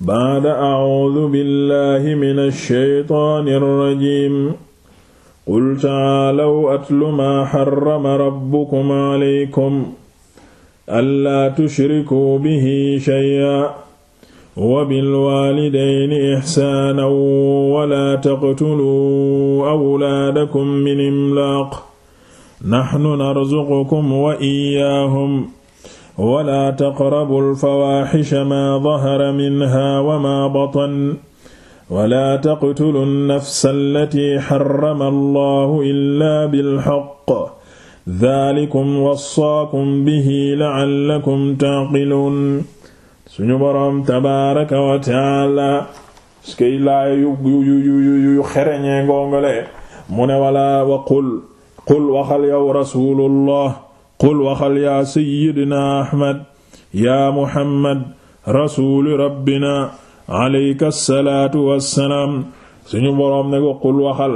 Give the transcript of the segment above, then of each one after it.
baada acuudu billahi min alsheytaan alrajim qul tacaalaw atlu maa xarama rabbukum calaykum anlaa tushrikuu bihi shay'a wa bilwaalidayni ixsaanan wala taqtuluu awlaadakum min imlaaq naxnu narzuqukum wa iyaahum wala taqrabu alfawaxisha maa dahara minha wa maa batan wala taqtulu nnafsa allati xarama allahu illa bilxaq dalikum wasaakum bihi laallakum taaqiluun suñu boroom tabaaraka wa taala skey laaya yu yu yu xereñee ngoongale mu ne wala wa qul qul waxal yow rasulullah qul waxal yaa sayyidina ahmad yaa muhammad rasuulu rabbina alayka salaatu wassalaam suñu boroom ne ko qul waxal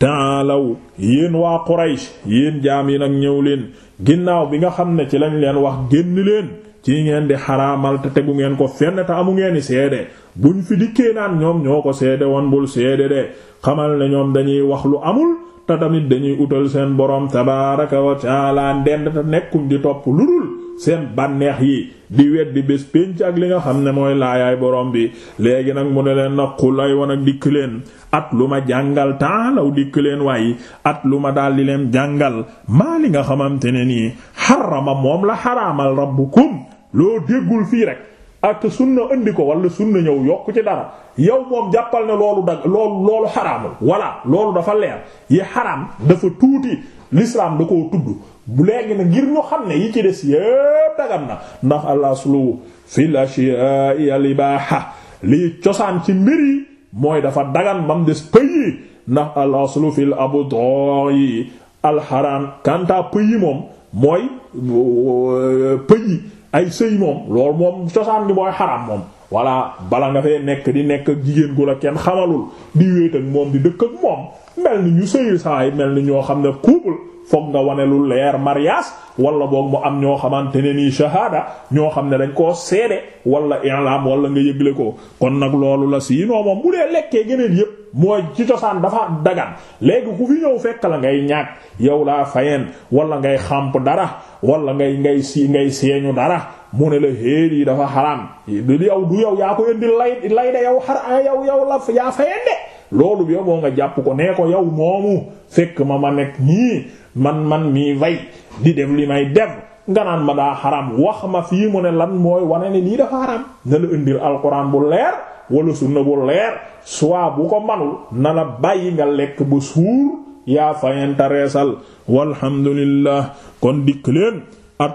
taalaw yéen waa quraysh yéen jaam yi nag ñëw leen ginnaaw bi nga xam ne ci lañ leen wax génn leen ci ngeen di xaraamal te tegu ngeen ko fenn te amu ngeen i seede buñ fi dikkee naan ñoom ñoo ko seede woon bul seede de xamal ne ñoom dañuy wax lu amul te tamit dañuy utal seen borom tabaaraka wa taala ndend te nekkuñ di topp lu dul seen bànneex yi di weddi bés pénc ak li nga xam ne mooy laayaay borom bi léegi nag mu ne leen nag xul ay wan ak dikk leen at lu ma jàngal taalaw dikk leen waaye at lu ma daal di leen jàngal maa li nga xamante ne nii xarama moom la xaraamal rabbukum loo déggul fii rek ak sunna indi ko wala sunna ñëw yokk ci dara yow moom jàppal ne loolu dag loolu loolu xaraamul voilà loolu dafa leer yi xaraam dafa tuuti l'islam da koo tudd bu léegi na ngir ñu xam ne yi ci des yépp dagam na ndax alaslu fil ashiya'i al ibaha lii cosaan ci mbir yi mooy dafa dagan bam des pëy yi ndax alaslu fil abdoi al haram kanta pëy moom mooy euh, pëy ay sëy moom loolu moom cosaan bi mooy xaram moom voilà bala nga fee nekk di nekk ak jigéen gu la kenn xamalul di wéet moom di dëkk ak moom mel ni ñu sëy saa yi mel ni ñoo xam ne couple foog nga wane lu leer mariage wala boog mu am ñoo xamante ne nii shahada ñoo xam ne dañ koo seede wala i'lam wala nga yëgle ko kon nag loolu la si noo moom bu dee lekkee geneen yépp mooy ci cosaan dafa dagan léegi ku fi ñëw fekk la ngay ñàkk yow laa fayeen wala ngay xàmp dara wala ngay ngay si ngay seeñu dara mu ne la héer yi dafa xaraam du yow du yaa ko indi lay lay ah, yow la yaa fayeen de loolu bi yow moo nga jàpp ko nee ko yow moomu fekk ma ma nekk nii man man mii vay di def li may def nganaan naan ma daa xaraam wax ma fii mu ne lan mooy wane ne lii dafa xaraam na la indil alxuraan bu leer wala sunna bu leer soit bu ko manul na la bàyyi nga lekk bu suur yaa fayenta reesal walhamdulillah kon dikk leen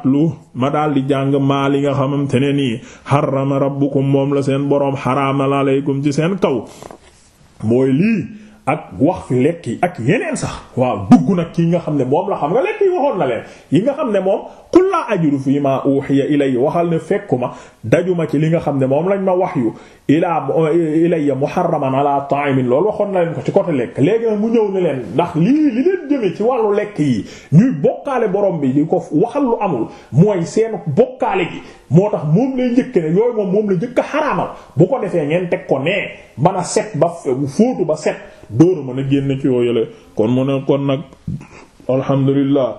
lu ma daldi di jàng maa li nga xamante ne nii harrama rabbukum moom la seen boroom xaraamal aleykum ci seen kaw mooy lii ak wax fi lekk yi ak yeneen sax waaw dugg nag ki nga xam ne moom la xam nga lekk yi waxoon na leen yi nga xam ne moom qul laa ajidu fii ma uhiya ilayya waxal ne fekkuma dajuma ci li nga xam ne moom lañ ma wax yu ilaa ilayya muharraman ala ta'imin loolu waxoon na leen ko ci côté lekk léegi nag mu ñëw ne leen ndax lii li leen jëmee ci wàllu lekk yi ñuy bokkaale borom bi di ko waxal lu amul mooy seen bokkaale gi moo tax moom lay njëkk ne yooyu moom moom la njëkk a xaraamal bu ko defee ngeen teg ko nee mën a set ba fóotu ba set dóoru mën a génn ci yoo kon mu ne kon nag alhamdulillah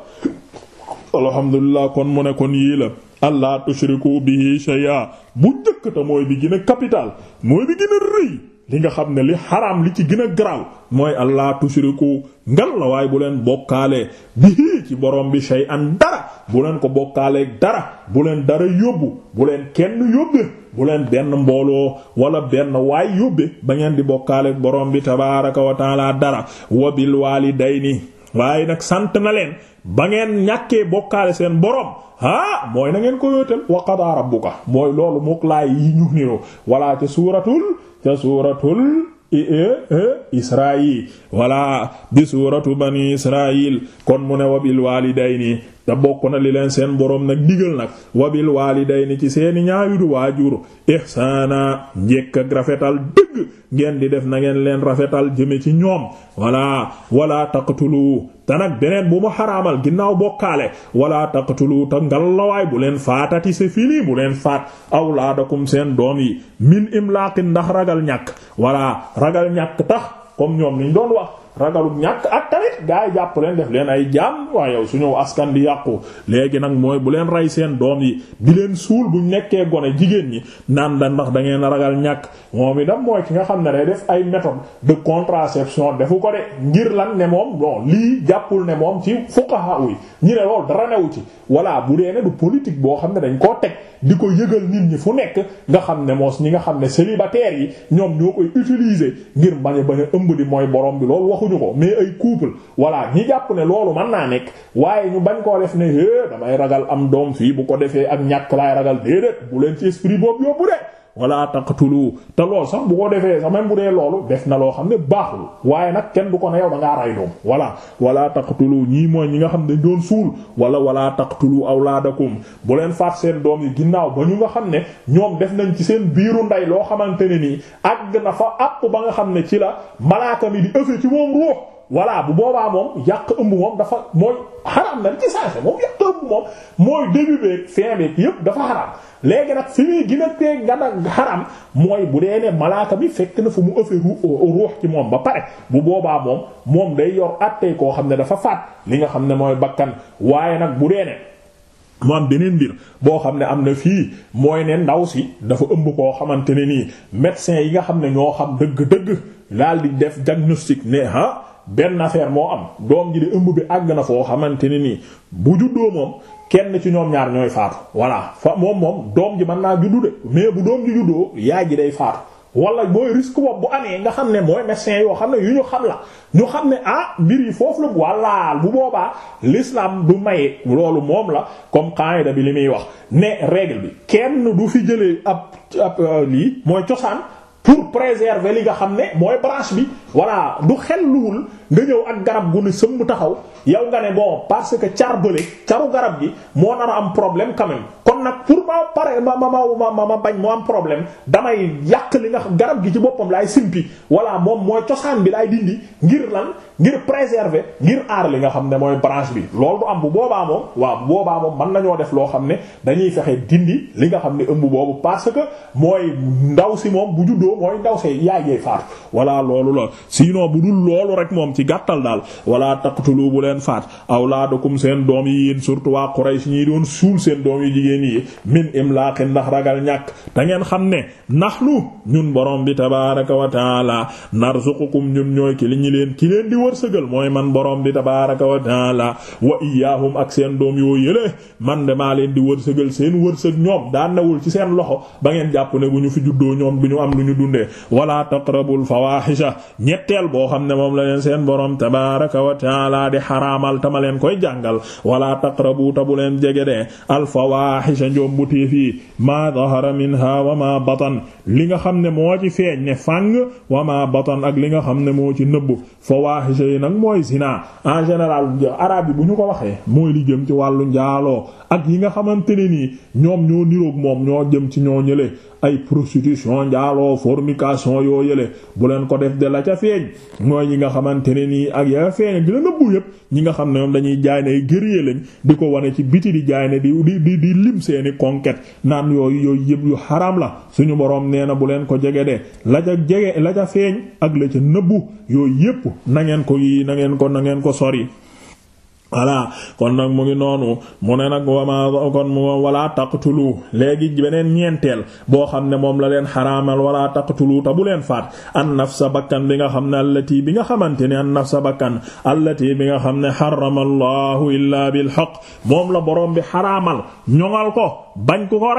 alhamdulillah kon mu ne kon yii la allah tushriku bihi shay'a bu njëkk mooy bi gën a capital mooy bi gën rëy li nga xam ne li xaraam li ci gën a garaaw mooy allah tushriku ngal la waaye bu leen bokkaale bihi ci borom bi shay'an dara bu leen ko bokkaaleeg dara bu leen dara yóbbu bu leen kenn yóbbe bu leen benn mbooloo wala benn waay yóbbe ba ngeen di bokkaaleeg borom bi tabaaraka wa taala dara wa bil waalidayni waaye nag sant na leen ba ngeen ñàkkee bokkaale seen borom ah mooy na ngeen ko yóotal wa qadaa rabbuka mooy loolu mook laay yi ñu niroo wala ca suuratul ca suuratul E, e, israil wala di suratu bani israil kon mu ne wabil walidayni te bokk na li leen seen boroom nag digal nag wabil walidayni ci seeni ñaari waajur ihsaana njekk ak rafetal dëgg ngeen di def na ngeen leen rafetal jëme ci ñoom wala wala taqtulu te nag beneen bu mu xaraamal ginnaaw bokkaale wala taqtulu te ngallawaay bu leen faatati c'est fini bu leen faat awlaadakum seen doom yi min imlaaqin ndax ragal ñàkk wala ragal ñàkk tax comme ñoom niñ doon wax ragalu ñàkk ak tamit gaa yi jàpp leen def leen ay jaam waaye yow su ñëw askan di yàqu léegi nag mooy bu leen rey seen doom yi di leen suul bu buñ nekkee gone jigéen ñi naan da ndax da ngeen ragal ñàkk moom itam mooy ki nga xam ne day def ay méthode de contraception defu ko de ngir lan ne moom bon lii jàppul ne moom ci fuqaha yi ñi ci voilà bu dee politique boo xam ne dañ koo teg di ko yëgal nit ñi fu nekk nga xam ne moos ñi nga xam ne célibataires yi ñoom ñoo koy utiliser ngir bañ ba bañ ëmb di mooy borom bi loolu waxu waxuñu ko mais ay couple voilà ñi jàpp ne loolu man naa nekk waaye ñu bañ koo def ne hé eh, damay ragal am doom fii bu ko defee ak ñàkk laay ragal déedéet bu leen ci esprit boobu yóbbu de wala taqtulu te loolu sax bu ko defee sax même bu dee loolu def na loo xam ne baaxul waaye nag kenn du ko ne yow da ngaa ray doom wala wala taqtulu ñii mooy ñi nga xam ne dañ doon suul wala wala taqtulu awlaadakum bu leen faat seen doom yi ginnaaw ba ñu nga xam ne ñoom def nañ ci seen biiru nday loo xamante ne nii àgg na fa àpp ba nga xam ne ci la malaaka mi di ëfe ci moom ruux voilà bu boobaa moom yàq ëmb moom dafa mooy xaraam na ci saa moom yàq ëmb moom mooy début beeg fin yëpp dafa nag fi muy gën nga nag xaraam mooy bu dee ne malaaka bi fekk na fu mu ëffee euh, euh, ruux ci moom ba pare bu boobaa moom moom day yor àttee koo xam ne dafa faat li nga xam ne mooy bakkan waaye nag bu dee ne mu am beneen mbir boo xam ne am na fii mooy ne ndaw si dafa ëmb koo xamante ne nii médecin yi nga xam ne ñoo xam dëgg-dëgg daal di def diagnostic ne ah. benn affaire moo am doom ji de ëmb bi àgg na foo xamante ne nii bu juddoo moom kenn ci ñoom ñaar ñooy faatu voilà fa moom moom doom ji man naa juddu de mais bu doom ji juddoo yaay ji day faatu. wala booy risque boobu bu amee nga xam ne mooy médecin yoo xam ne yu ñu xam la ñu xam ne ah mbir yi foofu la walla bu boobaa lislaam du maye loolu moom la comme qaida bi li muy wax ne règle bi kenn du fi jëlee ab ab euh, lii mooy cosaan. pour préserver li nga xam ne mooy branche bi voilà du xel luwul nga ñëw ak garab gu ne sëmm taxaw yow nga ne bon parce que car bële caru garab gi moo nar a am problème quand kon nag pour ma pare ma ma ma ma ma bañ mu am problème damay yàq li nga garab gi ci boppam laay simpi voilà moom mooy cosaan bi laay dindi ngir lan ngir préserver ngir aar li nga xam ne mooy branche bi loolu du am bu boobaa moom waaw bu boobaa moom mën nañoo def loo xam ne dañuy fexe dindi li nga xam ne ëmb boobu parce que mooy ndaw si moom bu juddoo mooy ndaw see yaay faatu ci gàttal daal wala taqtulu bu leen faat awlaadakum seen doom yi yéen surtout waa Quraysh ñi doon suul seen doom yu jigéen yi min imlaaqin ndax ragal ñàkk da ngeen xam ne nahnu ñun borom bi tabaaraka wa taala narzuqukum ñun ñooy ki li ñu leen ki leen di wërsëgal mooy man borom bi tabaaraka wa taala wa iyyaahum ak seen doom yoo yële man de maa leen di wërsëgal seen wërsëg ñoom daa newul ci seen loxo ba ngeen jàpp ne bu ñu fi juddoo ñoom du ñu am lu ñu dundee wala taqrabul fawaahisha ñetteel boo xam ne moom la leen seen seen borom tabaaraka wa taala di leen koy jàngal wala taqrabu ta bu leen jege de al fawaahisha njoom bu téef yi minha wa ma batan li nga xam ne moo ci feeñ ne fàng wa ma batan ak li nga xam ne moo ci nëbbu fawaahisha yi nag mooy zina en général arabe yi bu ñu ko waxee mooy li jëm ci wàllu njaaloo ak yi nga xamante ne nii ñoom ñoo niroog moom ñoo jëm ci ñoo ñële ay prostitution njaaloo fornication yoo yële bu leen ko def de la ca feeñ mooy ñi nga xamante ne nii ak yaa feeñ dina nëbbu yëpp ñi nga xam ne ñoom dañuy jaay ne ay lañ di ko wane ci biti di jaay ne di di di lim seeni conquête naan yooyu yooyu yëpp yu xaram la suñu boroom nee na bu leen ko jege de la ca jege la ca feeñ ak la ca nëbbu yooyu yëpp na ngeen ko yi na ngeen ko na ngeen ko sori voilà kon nag mu ngi noonu mu ne nag wama kon mu wala taqtulu léegi beneen ñeenteel boo xam ne moom la leen xaraamal wala taqtulu ta bu leen faat an sa bakkan bi nga xam ne allati bi nga xamante ne an nafsa bakkan allati bi nga xam ne xarama allahu illaa bil haqq moom la boroom bi xaraamal ñoŋal ko bañ ko ko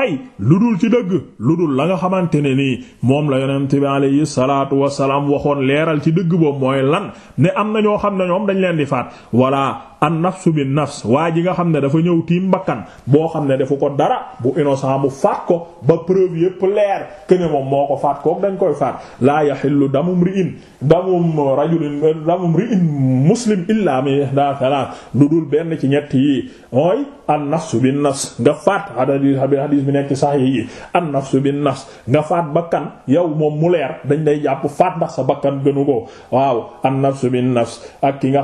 lu dul ci dëgg lu dul la nga xamante ne nii moom la yonent bi alayhi salaatu wasalaam waxoon leeral ci dëgg boobu mooy lan ne am na ñoo xam ne ñoom dañ leen di faat wala an nafsu bin nafs waa ji nga xam ne dafa ñëw tiim bakkan boo xam ne defu ko dara bu innocent mu faat ko ba preuve yépp leer kene moom moo ko faat kook dañ koy faat laa yaxillu damum ri'in damum rajulin damum ri'in muslim illaa mi ihda salat lu dul benn ci ñetti yi mooy an nafsu bin nafs nga faat hadis hadis bi nekk sax yi an nafsu bin nafs nga faat bakkan yow moom mu leer dañ lay jàpp faat ndax sa bakkan gënu ko waaw an nafsu bin nafs ak ki nga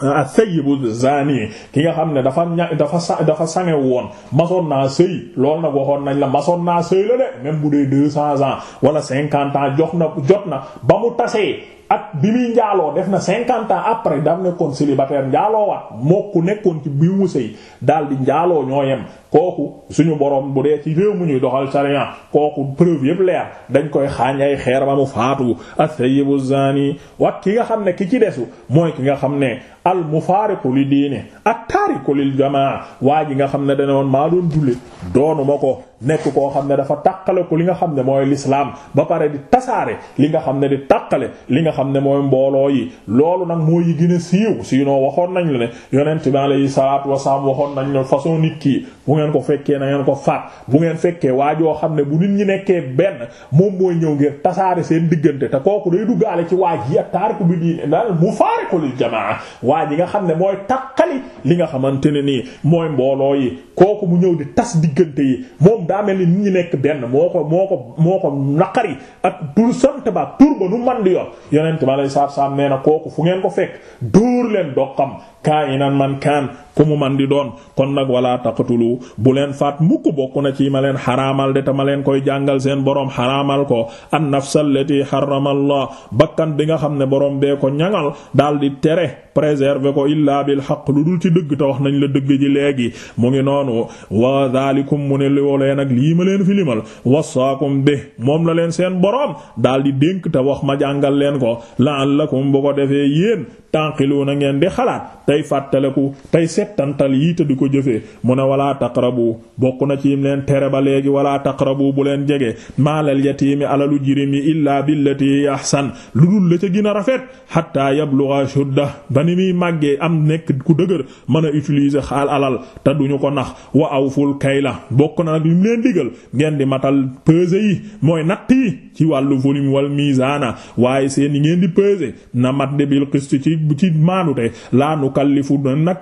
as-sayyibu zani ki nga xam ne dafa ña dafa sa dafa sange woon masoon naa sëy loolu nag waxoon nañ la masoon naa sëy la de même bu dee deux cents ans wala cinquante ans jox na jot na ba mu tasee ak bi muy njaaloo def na cinquante ans après daf nekkoon célibataire njaaloo waat moo ku nekkoon ci bi mu sëy daal di njaaloo ñoo yem kooku suñu borom bu dee ci réew mu ñuy doxal sariya kooku preuve yëpp leer dañ koy xaañ ay xeer ba mu faatu as-sayyibu zani wa ki nga xam ne ki ci desu mooy ki nga xam ne al mufaariqu li diine ak taariku lil jamaa waa ji nga xam ne dane woon maa doon jullit doonu ko nekk koo xam ne dafa tàqale ko li nga xam ne mooy lislaam ba pare di tasaare li nga xam ne di tàqale li nga xam ne mooy mbooloo yi loolu nag moo yi gën a siiw sinon waxoon nañu la ne yonent bi alayhi salaatu wasalaam waxoon nañ la façon nit kii bu ngeen ko fekkee na ngeen ko faat bu ngeen fekkee waa joo xam ne bu nit ñi nekkee benn moom mooy ñëw ngir tasaare seen diggante te kooku day duggaale ci waaj yi ak bi diine daal mufaariqu lil waa ji nga xam ne mooy takkali li nga xamante ne nii mooy mbooloo yi kooku mu ñëw di tas diggante yi moom daa mel ni nit ñi nekk benn moo ko moo ko moo ko naqari ak tur sant ba tur ba nu man di yor yonent ma lay saar saam nee na kooku fu ngeen ko fekk dóor leen doqam kaa inan man kaan ku mu man di doon kon nag wala taqatulu bu leen faat mukk bokk na ci ma leen xaraamal de ta ma leen koy jàngal seen boroom xaraamal ko an nafsa allati harrama Allah bakkan bi nga xam ne boroom bee ko ñaŋal daal di tere préserver ko illaa bi haqq lu dul ci dëgg te wax nañ la dëgg ji léegi mu ngi noonu wa dhalikum mu ne loolee nag lii ma leen fi limal wasaakum bi moom la leen seen boroom daal di dénk te wax ma jàngal leen ko la'allakum bu ko defee yéen tànqilu settantal yii te di ko jëfee mu ne walaa taqrabu bokk na ci yim leen tere ba léegi walaa taqrabu bu leen jege maalal yatiimi alalu jirim yi illaa billati ahsan lu dul la ca gën a rafet hatta yabluga shudda ba ni muy màggee am nekk ku dëgër mën a utiliser xaal alal te duñu ko nax wa awful kayla bokk na nag lim leen digal ngeen di matal peser yi mooy natt yi ci wàllu volume wal mizaana waaye seen yi ngeen di peser na mat de bil qist ci ci maanute la nukallifu nag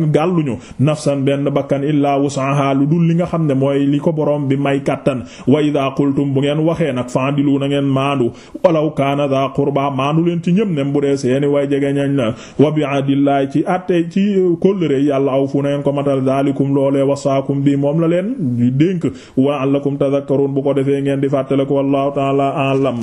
gàlluñu nafsan benn bakkan illaa wus'aha lu dul li nga xam ne mooy li ko borom bi may kattan wa idha qultum bu ngeen waxee nag fa'dilu na ngeen maandu walaw kaana dha qurba maandu leen ci ñëm nem bu dee seeni way jege ñañ la wa bi'adillahi ci atte ci kóllëre yàlla aw fu na ngeen ko matal daalikum loolee wasaakum bi moom la leen dénk wa allakum tadhakkarun bu ko defee ngeen di fàttale ko wallahu ta'ala a'lam